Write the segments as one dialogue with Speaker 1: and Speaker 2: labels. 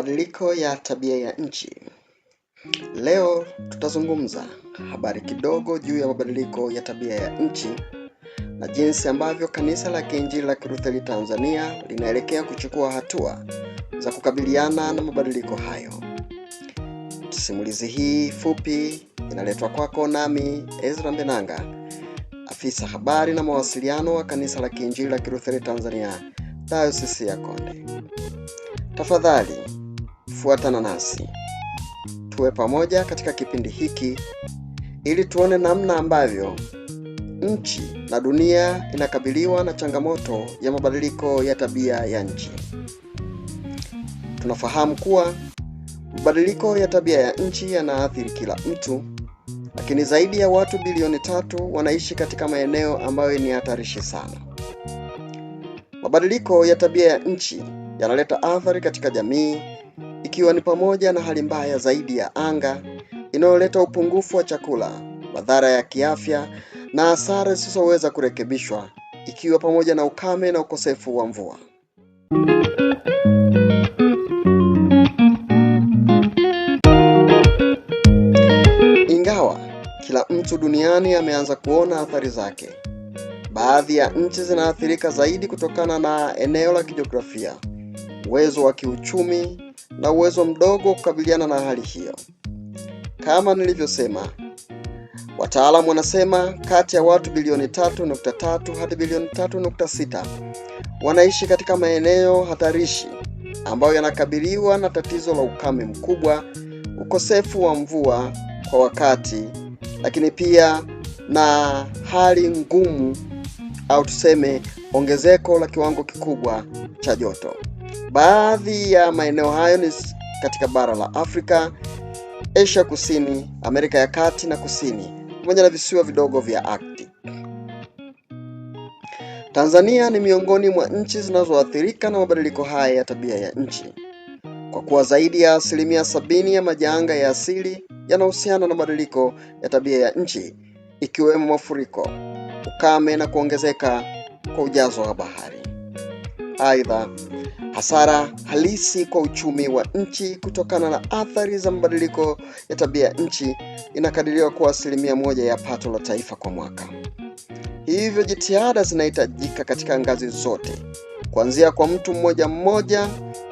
Speaker 1: Mabadiliko ya tabia ya nchi. Leo tutazungumza habari kidogo juu ya mabadiliko ya tabia ya nchi na jinsi ambavyo Kanisa la Kiinjili la Kilutheri Tanzania linaelekea kuchukua hatua za kukabiliana na mabadiliko hayo. Simulizi hii fupi inaletwa kwako nami Ezra Mbenanga, afisa habari na mawasiliano wa Kanisa la Kiinjili la kirutheli Tanzania, Dayosisi ya Konde. Tafadhali Fuatana nasi tuwe pamoja katika kipindi hiki ili tuone namna ambavyo nchi na dunia inakabiliwa na changamoto ya mabadiliko ya tabia ya nchi. Tunafahamu kuwa mabadiliko ya tabia ya nchi yanaathiri kila mtu, lakini zaidi ya watu bilioni tatu wanaishi katika maeneo ambayo ni hatarishi sana. Mabadiliko ya tabia ya nchi yanaleta athari katika jamii ikiwa ni pamoja na hali mbaya zaidi ya anga inayoleta upungufu wa chakula, madhara ya kiafya na hasara zisizoweza kurekebishwa, ikiwa pamoja na ukame na ukosefu wa mvua. Ingawa kila mtu duniani ameanza kuona athari zake, baadhi ya nchi zinaathirika zaidi kutokana na eneo la kijiografia, uwezo wa kiuchumi na uwezo mdogo wa kukabiliana na hali hiyo. Kama nilivyosema, wataalamu wanasema kati ya watu bilioni 3.3 hadi bilioni 3.6 wanaishi katika maeneo hatarishi ambayo yanakabiliwa na tatizo la ukame mkubwa, ukosefu wa mvua kwa wakati, lakini pia na hali ngumu au tuseme ongezeko la kiwango kikubwa cha joto. Baadhi ya maeneo hayo ni katika bara la Afrika, Asia Kusini, Amerika ya Kati na Kusini, pamoja na visiwa vidogo vya Arctic. Tanzania ni miongoni mwa nchi zinazoathirika na mabadiliko haya ya tabia ya nchi, kwa kuwa zaidi ya asilimia sabini ya majanga ya asili yanahusiana na mabadiliko ya tabia ya nchi, ikiwemo mafuriko, ukame na kuongezeka kwa ujazo wa bahari. Aidha, hasara halisi kwa uchumi wa nchi kutokana na athari za mabadiliko ya tabia ya nchi inakadiriwa kuwa asilimia moja ya pato la taifa kwa mwaka. Hivyo jitihada zinahitajika katika ngazi zote, kuanzia kwa mtu mmoja mmoja,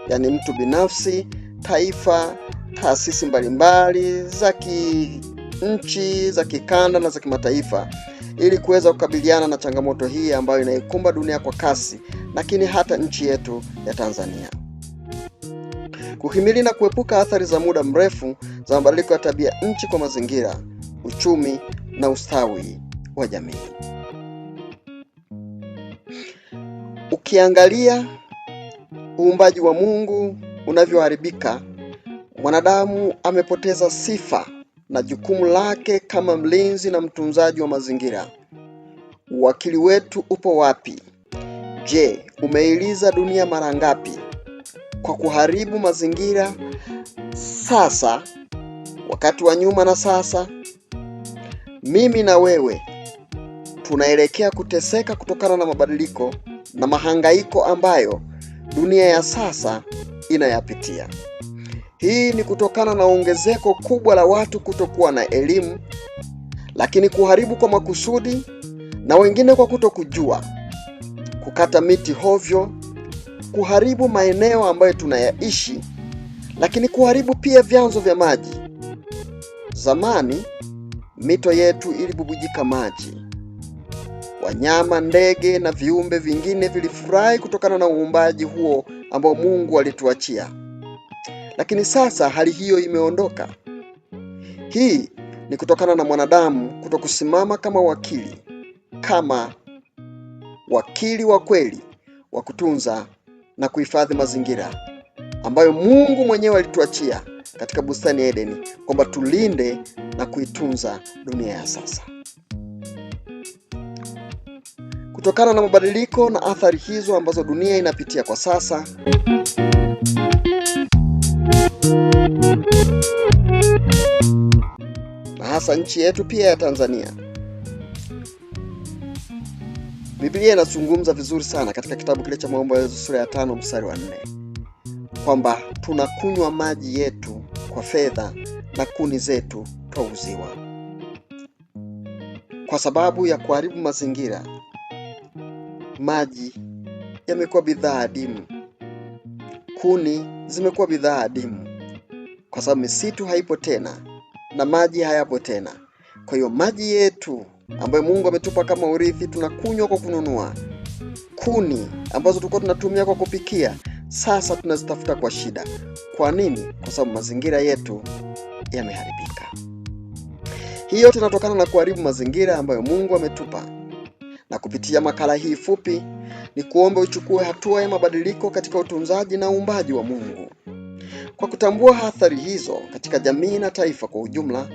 Speaker 1: yaani mtu binafsi, taifa, taasisi mbalimbali za kinchi, za kikanda na za kimataifa, ili kuweza kukabiliana na changamoto hii ambayo inaikumba dunia kwa kasi lakini hata nchi yetu ya Tanzania. Kuhimili na kuepuka athari za muda mrefu za mabadiliko ya tabia nchi kwa mazingira, uchumi na ustawi wa jamii. Ukiangalia uumbaji wa Mungu unavyoharibika, mwanadamu amepoteza sifa na jukumu lake kama mlinzi na mtunzaji wa mazingira. Uwakili wetu upo wapi? Je, umeiliza dunia mara ngapi kwa kuharibu mazingira sasa, wakati wa nyuma na sasa. Mimi na wewe tunaelekea kuteseka kutokana na mabadiliko na mahangaiko ambayo dunia ya sasa inayapitia. Hii ni kutokana na ongezeko kubwa la watu kutokuwa na elimu, lakini kuharibu kwa makusudi na wengine kwa kutokujua kukata miti hovyo, kuharibu maeneo ambayo tunayaishi, lakini kuharibu pia vyanzo vya maji. Zamani mito yetu ilibubujika maji. Wanyama, ndege na viumbe vingine vilifurahi kutokana na uumbaji huo ambao Mungu alituachia, lakini sasa hali hiyo imeondoka. Hii ni kutokana na mwanadamu kutokusimama kama wakili, kama wakili wa kweli wa kutunza na kuhifadhi mazingira ambayo Mungu mwenyewe alituachia katika bustani ya Edeni kwamba tulinde na kuitunza dunia ya sasa. Kutokana na mabadiliko na athari hizo ambazo dunia inapitia kwa sasa, na hasa nchi yetu pia ya Tanzania Biblia inazungumza vizuri sana katika kitabu kile cha Maombi ya sura ya tano mstari wa nne kwamba tunakunywa maji yetu kwa fedha na kuni zetu twauziwa. Kwa sababu ya kuharibu mazingira, maji yamekuwa bidhaa adimu, kuni zimekuwa bidhaa adimu, kwa sababu misitu haipo tena na maji hayapo tena. Kwa hiyo maji yetu ambayo Mungu ametupa kama urithi, tunakunywa kwa kununua. Kuni ambazo tulikuwa tunatumia kwa kupikia, sasa tunazitafuta kwa shida. Kwa nini? Kwa sababu mazingira yetu yameharibika. Hiyo tunatokana na kuharibu mazingira ambayo Mungu ametupa. Na kupitia makala hii fupi, ni kuombe uchukue hatua ya mabadiliko katika utunzaji na uumbaji wa Mungu. Kwa kutambua athari hizo katika jamii na taifa kwa ujumla,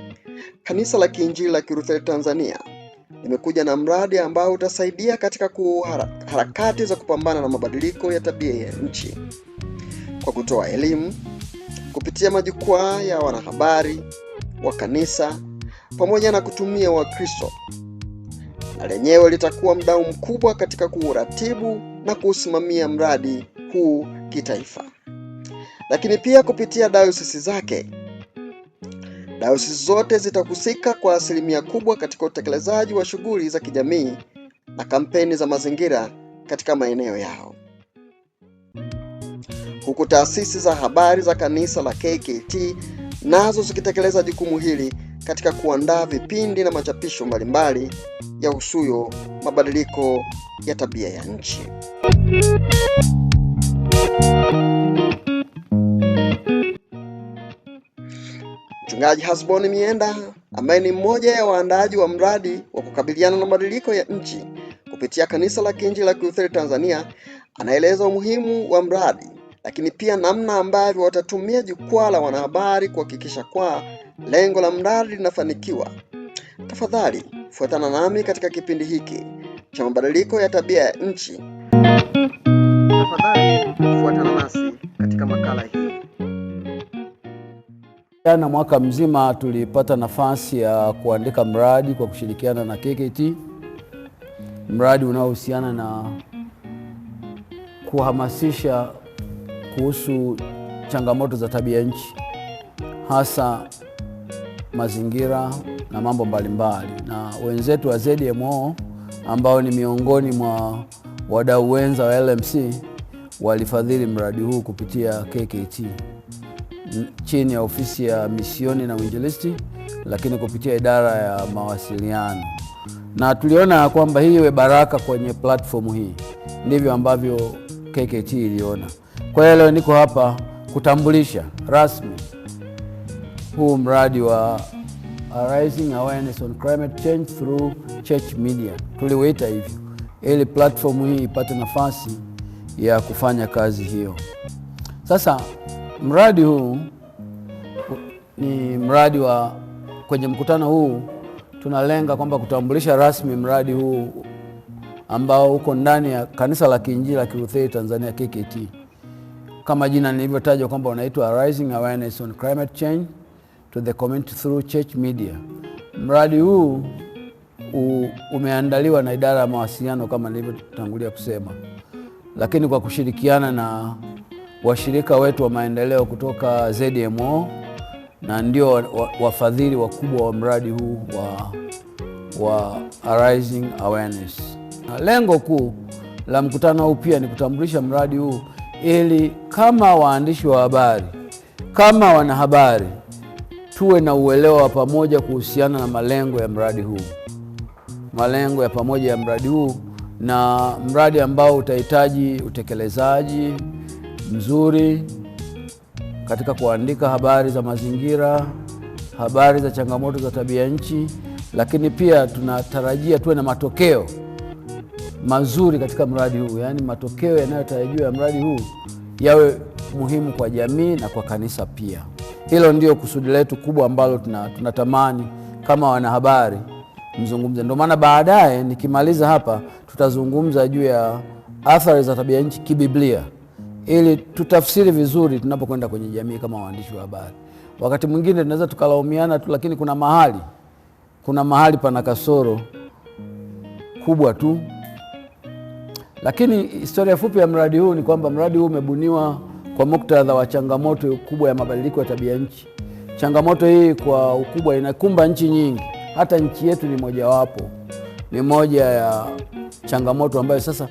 Speaker 1: Kanisa la Kiinjili la Kilutheri Tanzania imekuja na mradi ambao utasaidia katika harakati za kupambana na mabadiliko ya tabia ya nchi kwa kutoa elimu kupitia majukwaa ya wanahabari wa kanisa pamoja na kutumia Wakristo, na lenyewe litakuwa mdao mkubwa katika kuuratibu na kuusimamia mradi huu kitaifa, lakini pia kupitia dayosisi zake Dayosisi zote zitahusika kwa asilimia kubwa katika utekelezaji wa shughuli za kijamii na kampeni za mazingira katika maeneo yao. Huku taasisi za habari za kanisa la KKT nazo zikitekeleza jukumu hili katika kuandaa vipindi na machapisho mbalimbali ya usuyo mabadiliko ya tabia ya nchi. Mchungaji Hasboni Mienda ambaye ni mmoja ya waandaaji wa mradi wa kukabiliana na mabadiliko ya nchi kupitia Kanisa la Kiinjili la Kilutheri Tanzania anaeleza umuhimu wa mradi, lakini pia namna ambavyo watatumia jukwaa la wanahabari kuhakikisha kwa lengo la mradi linafanikiwa. Tafadhali fuatana nami katika kipindi hiki cha mabadiliko ya tabia ya nchi. Tafadhali fuatana Jana mwaka mzima tulipata nafasi ya kuandika mradi kwa kushirikiana na KKT, mradi unaohusiana na kuhamasisha kuhusu changamoto za tabia nchi, hasa mazingira na mambo mbalimbali, na wenzetu wa ZMO ambao ni miongoni mwa wadau wenza wa LMC walifadhili mradi huu kupitia KKT chini ya ofisi ya misioni na uinjilisti, lakini kupitia idara ya mawasiliano, na tuliona kwamba hii iwe baraka kwenye platfomu hii. Ndivyo ambavyo KKT iliona. Kwa hiyo leo niko hapa kutambulisha rasmi huu mradi wa Raising Awareness on Climate Change through Church Media, tuliuita hivyo ili platfomu hii ipate nafasi ya kufanya kazi hiyo. Sasa Mradi huu ni mradi wa kwenye mkutano huu tunalenga kwamba kutambulisha rasmi mradi huu ambao uko ndani ya Kanisa la Kiinjili la Kilutheri Tanzania KKT, kama jina nilivyotajwa kwamba unaitwa Rising Awareness on Climate Change to the Community through Church Media. Mradi huu u, umeandaliwa na idara ya mawasiliano kama nilivyotangulia kusema, lakini kwa kushirikiana na washirika wetu wa maendeleo kutoka ZMO na ndio wafadhili wa, wakubwa wa mradi huu wa, wa Arising Awareness. Lengo kuu la mkutano huu pia ni kutambulisha mradi huu ili kama waandishi wa habari, kama wanahabari tuwe na uelewa wa pamoja kuhusiana na malengo ya mradi huu, malengo ya pamoja ya mradi huu na mradi ambao utahitaji utekelezaji mzuri katika kuandika habari za mazingira, habari za changamoto za tabia nchi, lakini pia tunatarajia tuwe na matokeo mazuri katika mradi huu, yaani matokeo yanayotarajiwa ya mradi huu yawe muhimu kwa jamii na kwa kanisa pia. Hilo ndio kusudi letu kubwa ambalo tunatamani tuna kama wanahabari mzungumze. Ndio maana baadaye nikimaliza hapa tutazungumza juu ya athari za tabia nchi kibiblia ili tutafsiri vizuri tunapokwenda kwenye jamii kama waandishi wa habari. Wakati mwingine tunaweza tukalaumiana tu, lakini kuna mahali kuna mahali pana kasoro kubwa tu. Lakini historia fupi ya mradi huu ni kwamba mradi huu umebuniwa kwa muktadha wa changamoto kubwa ya mabadiliko ya tabia nchi. Changamoto hii kwa ukubwa inakumba nchi nyingi, hata nchi yetu ni mojawapo, ni moja ya changamoto ambayo sasa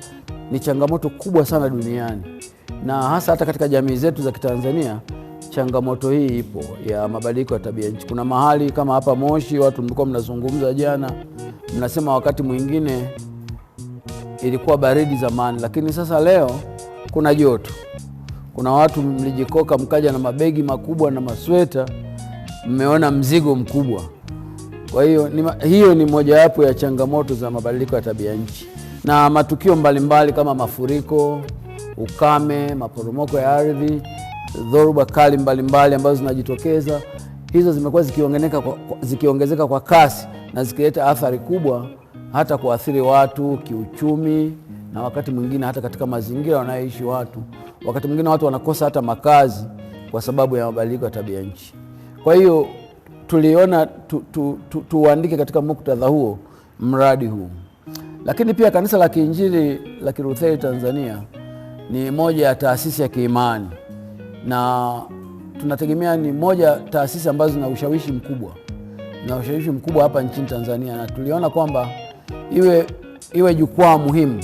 Speaker 1: ni changamoto kubwa sana duniani na hasa hata katika jamii zetu za Kitanzania changamoto hii ipo ya mabadiliko ya tabia nchi. Kuna mahali kama hapa Moshi watu mlikuwa mnazungumza jana, mnasema wakati mwingine ilikuwa baridi zamani, lakini sasa leo kuna joto. Kuna watu mlijikoka mkaja na mabegi makubwa na masweta, mmeona mzigo mkubwa. Kwa hiyo ni, hiyo ni mojawapo ya changamoto za mabadiliko ya tabia nchi na matukio mbalimbali mbali kama mafuriko ukame, maporomoko ya ardhi, dhoruba kali mbalimbali ambazo zinajitokeza, hizo zimekuwa zikiongezeka kwa, zikiongezeka kwa kasi na zikileta athari kubwa hata kuathiri watu kiuchumi na wakati mwingine hata katika mazingira wanayoishi watu. Wakati mwingine watu wanakosa hata makazi kwa sababu ya mabadiliko ya tabia nchi. Kwa hiyo tuliona tu, tu, tu, tuandike katika muktadha huo mradi huu, lakini pia Kanisa la Kiinjili la Kilutheri Tanzania ni moja ya taasisi ya kiimani na tunategemea ni moja taasisi ambazo zina ushawishi mkubwa na ushawishi mkubwa hapa nchini Tanzania, na tuliona kwamba iwe, iwe jukwaa muhimu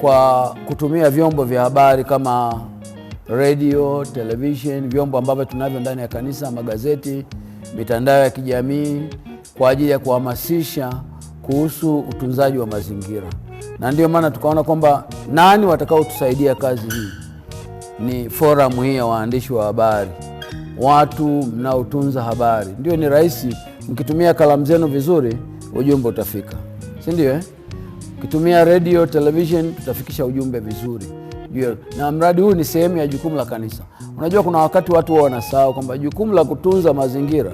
Speaker 1: kwa kutumia vyombo vya habari kama radio, television, vyombo ambavyo tunavyo ndani ya kanisa, magazeti, mitandao ya kijamii kwa ajili ya kuhamasisha kuhusu utunzaji wa mazingira na ndio maana tukaona kwamba nani watakaotusaidia kazi hii ni foramu hii ya waandishi wa habari, watu mnaotunza habari. Ndio ni rahisi, mkitumia kalamu zenu vizuri, ujumbe utafika, si ndio eh? Ukitumia redio, television, tutafikisha ujumbe vizuri Yo. Na mradi huu ni sehemu ya jukumu la kanisa. Unajua, kuna wakati watu wao wanasahau kwamba jukumu la kutunza mazingira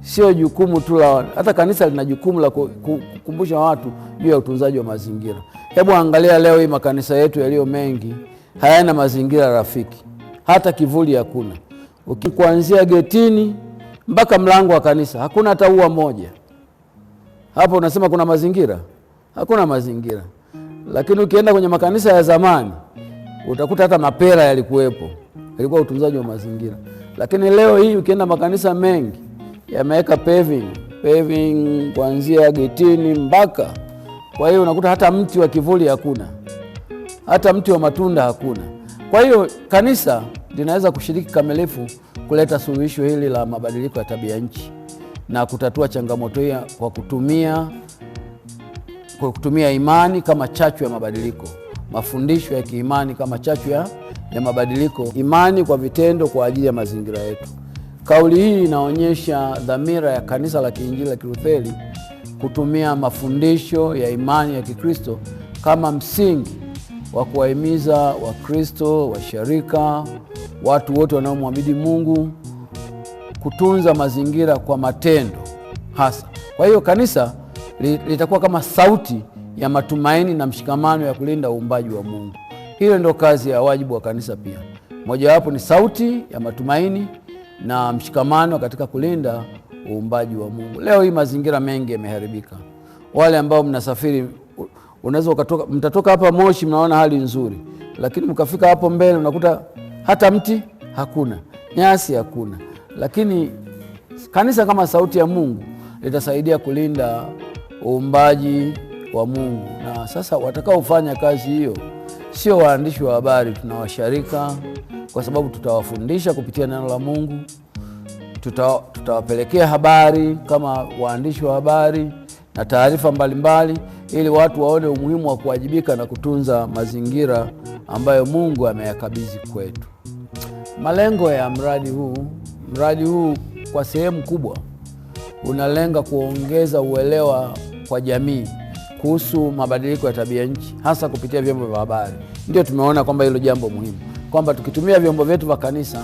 Speaker 1: sio jukumu tu la hata kanisa lina jukumu la kukumbusha watu juu ya utunzaji wa mazingira. Hebu angalia leo hii makanisa yetu yaliyo mengi hayana mazingira rafiki, hata kivuli hakuna. Ukikuanzia getini mpaka mlango wa kanisa hakuna hata ua moja. Hapo unasema kuna mazingira? Hakuna mazingira. Lakini ukienda kwenye makanisa ya zamani utakuta hata mapera yalikuwepo, yalikuwa utunzaji wa mazingira. Lakini leo hii ukienda makanisa mengi yameweka paving paving kuanzia getini mpaka. Kwa hiyo unakuta hata mti wa kivuli hakuna, hata mti wa matunda hakuna. Kwa hiyo kanisa linaweza kushiriki kikamilifu kuleta suluhisho hili la mabadiliko ya tabia nchi na kutatua changamoto hii kwa kutumia, kwa kutumia imani kama chachu ya mabadiliko, mafundisho ya kiimani kama chachu ya, ya mabadiliko, imani kwa vitendo kwa ajili ya mazingira yetu. Kauli hii inaonyesha dhamira ya Kanisa la Kiinjili la Kilutheri kutumia mafundisho ya imani ya Kikristo kama msingi wa kuwahimiza Wakristo, washirika, watu wote wanaomwamini Mungu kutunza mazingira kwa matendo hasa. Kwa hiyo kanisa litakuwa kama sauti ya matumaini na mshikamano ya kulinda uumbaji wa Mungu. Hiyo ndio kazi ya wajibu wa kanisa. Pia mojawapo ni sauti ya matumaini na mshikamano katika kulinda uumbaji wa Mungu. Leo hii mazingira mengi yameharibika. Wale ambao mnasafiri, unaweza ukatoka, mtatoka hapa Moshi, mnaona hali nzuri, lakini mkafika hapo mbele unakuta hata mti hakuna, nyasi hakuna. Lakini kanisa kama Sauti ya Mungu litasaidia kulinda uumbaji wa Mungu, na sasa watakaofanya kazi hiyo sio waandishi wa habari, tuna kwa sababu tutawafundisha kupitia neno la Mungu, tutawapelekea tuta habari kama waandishi wa habari na taarifa mbalimbali, ili watu waone umuhimu wa kuwajibika na kutunza mazingira ambayo Mungu ameyakabidhi kwetu. Malengo ya mradi huu, mradi huu kwa sehemu kubwa unalenga kuongeza uelewa kwa jamii kuhusu mabadiliko ya tabia nchi, hasa kupitia vyombo vya habari. Ndio tumeona kwamba hilo jambo muhimu, kwamba tukitumia vyombo vyetu vya kanisa,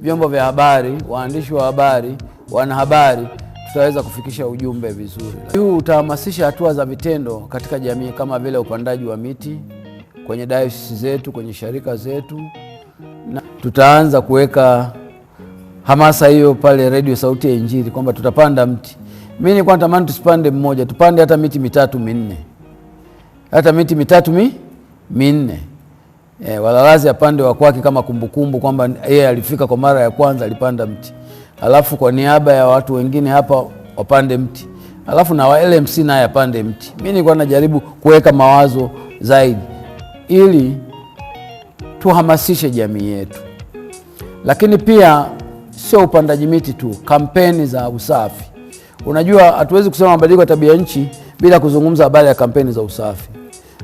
Speaker 1: vyombo vya habari, waandishi wa habari, wanahabari, tutaweza kufikisha ujumbe vizuri. Huu utahamasisha hatua za vitendo katika jamii kama vile upandaji wa miti kwenye dayosisi zetu, kwenye sharika zetu, na tutaanza kuweka hamasa hiyo pale Redio Sauti ya Injili kwamba tutapanda mti. Mi nilikuwa natamani tusipande mmoja, tupande hata miti mitatu minne, hata miti mitatu mi minne. E, walalazi apande wa kwake kama kumbukumbu kwamba yeye alifika kwa mara ya kwanza alipanda mti, alafu kwa niaba ya watu wengine hapa wapande mti, alafu na wa LMC naye apande mti. Mi nilikuwa najaribu kuweka mawazo zaidi ili tuhamasishe jamii yetu, lakini pia sio upandaji miti tu, kampeni za usafi Unajua, hatuwezi kusema mabadiliko ya tabia nchi bila kuzungumza habari ya kampeni za usafi.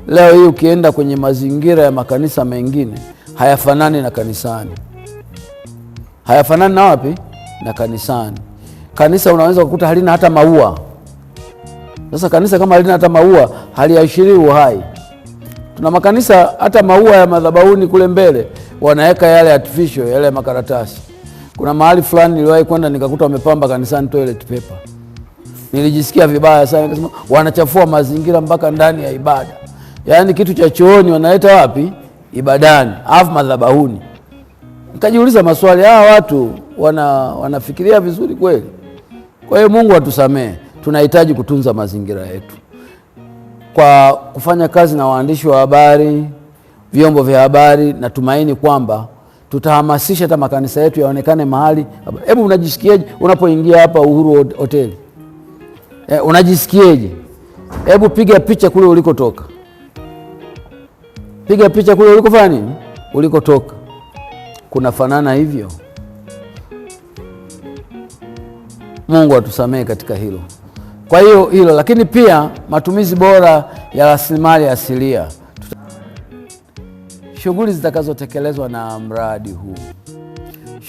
Speaker 1: Leo hii ukienda kwenye mazingira ya makanisa mengine hayafanani na kanisani, hayafanani na wapi? Na kanisani. Kanisa unaweza kukuta halina hata maua. Sasa kanisa kama halina hata maua haliashirii uhai. Tuna makanisa hata maua ya madhabahuni kule mbele wanaweka yale artificial, yale makaratasi. Kuna mahali fulani niliwahi kwenda nikakuta wamepamba kanisani toilet paper nilijisikia vibaya sana, nikasema wanachafua mazingira mpaka ndani ya ibada. Yaani kitu cha chooni wanaleta wapi? Ibadani alafu madhabahuni. Nikajiuliza maswali, hawa watu wana wanafikiria vizuri kweli? Kwa hiyo Mungu atusamee, tunahitaji kutunza mazingira yetu kwa kufanya kazi na waandishi wa habari, vyombo vya habari. Natumaini kwamba tutahamasisha hata makanisa yetu yaonekane mahali. Hebu unajisikiaje unapoingia hapa Uhuru Hoteli? e, eh, unajisikieje? Hebu piga picha kule ulikotoka, piga picha kule ulikofanya nini, ulikotoka. Kunafanana hivyo. Mungu atusamehe katika hilo. Kwa hiyo hilo, lakini pia matumizi bora ya rasilimali asilia, shughuli zitakazotekelezwa na mradi huu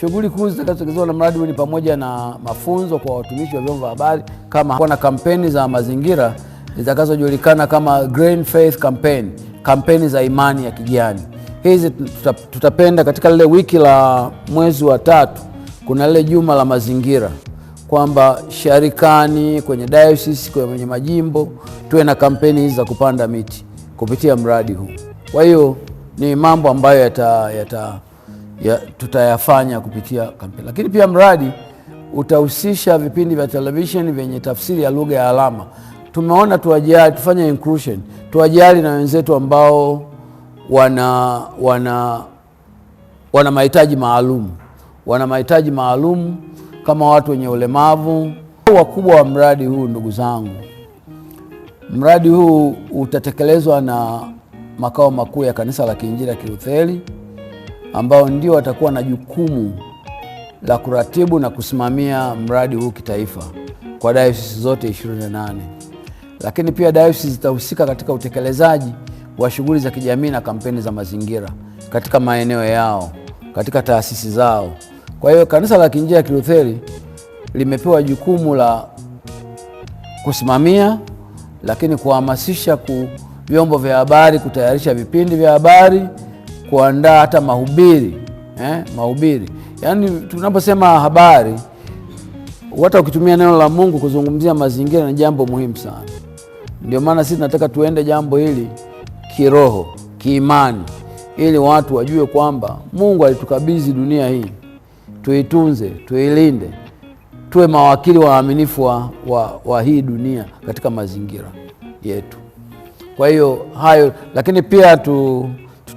Speaker 1: Shughuli kuu zitakazotekelezwa na mradi huu ni pamoja na mafunzo kwa watumishi wa vyombo vya habari, kama kuna kampeni za mazingira zitakazojulikana kama Green Faith Campaign, kampeni za imani ya kijani. Hizi tutapenda katika lile wiki la mwezi wa tatu, kuna lile juma la mazingira, kwamba sharikani, kwenye diocese, kwenye majimbo tuwe na kampeni hizi za kupanda miti kupitia mradi huu. Kwa hiyo ni mambo ambayo yata, yata ya, tutayafanya kupitia kampeni, lakini pia mradi utahusisha vipindi vya televisheni vyenye tafsiri ya lugha ya alama. Tumeona tuwajali, tufanye inclusion, tuwajali na wenzetu ambao wana wana wana mahitaji maalum, wana mahitaji maalum kama watu wenye ulemavu. Wakubwa wa mradi huu, ndugu zangu, mradi huu utatekelezwa na makao makuu ya Kanisa la Kiinjili la Kilutheri ambao ndio watakuwa na jukumu la kuratibu na kusimamia mradi huu kitaifa kwa dayosisi zote 28. Lakini pia dayosisi zitahusika katika utekelezaji wa shughuli za kijamii na kampeni za mazingira katika maeneo yao, katika taasisi zao. Kwa hiyo Kanisa la Kiinjili ya Kilutheri limepewa jukumu la kusimamia, lakini kuhamasisha ku vyombo vya habari, kutayarisha vipindi vya habari kuandaa hata mahubiri eh, mahubiri. Yaani tunaposema habari, hata ukitumia neno la Mungu kuzungumzia mazingira ni jambo muhimu sana. Ndio maana sisi tunataka tuende jambo hili kiroho, kiimani, ili watu wajue kwamba Mungu alitukabidhi dunia hii, tuitunze, tuilinde, tuwe mawakili waaminifu wa, wa, wa hii dunia katika mazingira yetu. Kwa hiyo hayo, lakini pia tu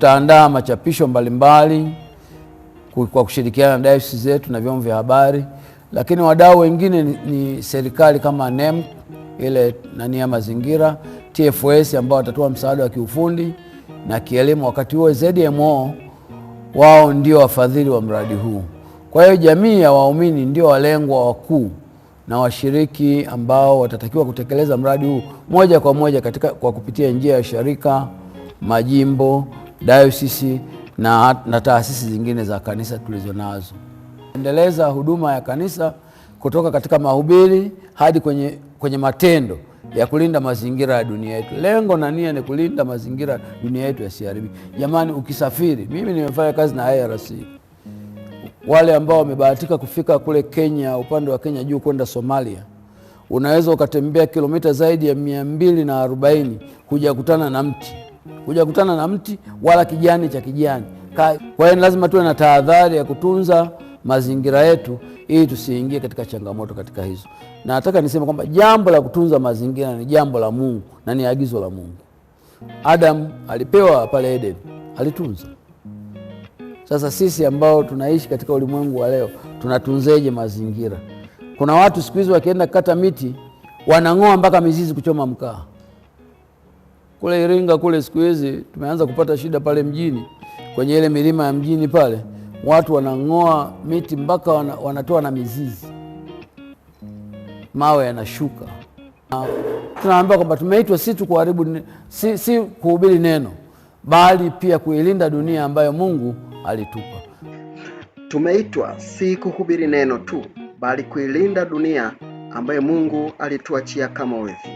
Speaker 1: tutaandaa machapisho mbalimbali kwa kushirikiana na dayosisi zetu na vyombo vya habari, lakini wadau wengine ni, ni serikali kama NEM ile nani ya mazingira, TFS ambao watatoa msaada wa kiufundi na kielimu, wakati huo ZMO wao ndio wafadhili wa mradi huu. Kwa hiyo jamii ya waumini ndio walengwa wakuu na washiriki ambao watatakiwa kutekeleza mradi huu moja kwa moja katika, kwa kupitia njia ya sharika, majimbo dayosisi na, na taasisi zingine za kanisa tulizonazo. Endeleza huduma ya kanisa kutoka katika mahubiri hadi kwenye, kwenye matendo ya kulinda mazingira ya dunia yetu. Lengo na nia ni kulinda mazingira dunia yetu yasiharibike. Jamani, ukisafiri, mimi nimefanya kazi na IRC. Wale ambao wamebahatika kufika kule Kenya, upande wa Kenya juu kwenda Somalia, unaweza ukatembea kilomita zaidi ya mia mbili na arobaini hujakutana na mti hujakutana na mti wala kijani cha kijani. Kwa hiyo lazima tuwe na tahadhari ya kutunza mazingira yetu ili tusiingie katika changamoto katika hizo, na nataka niseme kwamba jambo la kutunza mazingira ni jambo la Mungu na ni agizo la Mungu. Adam alipewa pale Eden, alitunza. Sasa sisi ambao tunaishi katika ulimwengu wa leo tunatunzeje mazingira? Kuna watu siku hizi wakienda kata miti wanang'oa mpaka mizizi kuchoma mkaa kule Iringa kule siku hizi tumeanza kupata shida pale mjini, kwenye ile milima ya mjini pale watu wanang'oa miti mpaka wanatoa na mizizi, mawe yanashuka. Tunaambiwa kwamba tumeitwa si tu kuharibu, si, si kuhubiri neno, bali pia kuilinda dunia ambayo Mungu alitupa.
Speaker 2: Tumeitwa si kuhubiri neno tu, bali kuilinda dunia ambayo Mungu alituachia kama urithi.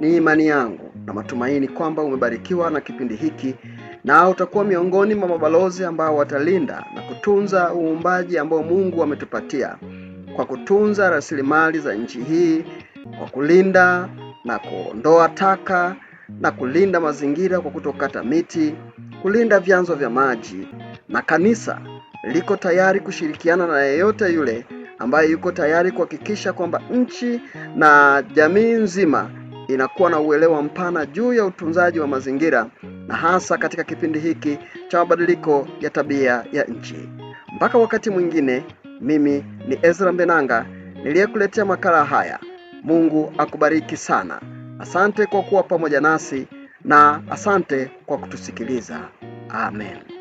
Speaker 2: Ni imani yangu na matumaini kwamba umebarikiwa na kipindi hiki na utakuwa miongoni mwa mabalozi ambao watalinda na kutunza uumbaji ambao Mungu ametupatia kwa kutunza rasilimali za nchi hii, kwa kulinda na kuondoa taka na kulinda mazingira kwa kutokata miti, kulinda vyanzo vya maji, na kanisa liko tayari kushirikiana na yeyote yule ambaye yuko tayari kuhakikisha kwamba nchi na jamii nzima inakuwa na uelewa mpana juu ya utunzaji wa mazingira na hasa katika kipindi hiki cha mabadiliko ya tabia ya nchi. Mpaka wakati mwingine, mimi ni Ezra Mbenanga niliyekuletea makala haya. Mungu akubariki sana. Asante kwa kuwa pamoja nasi na asante kwa kutusikiliza. Amen.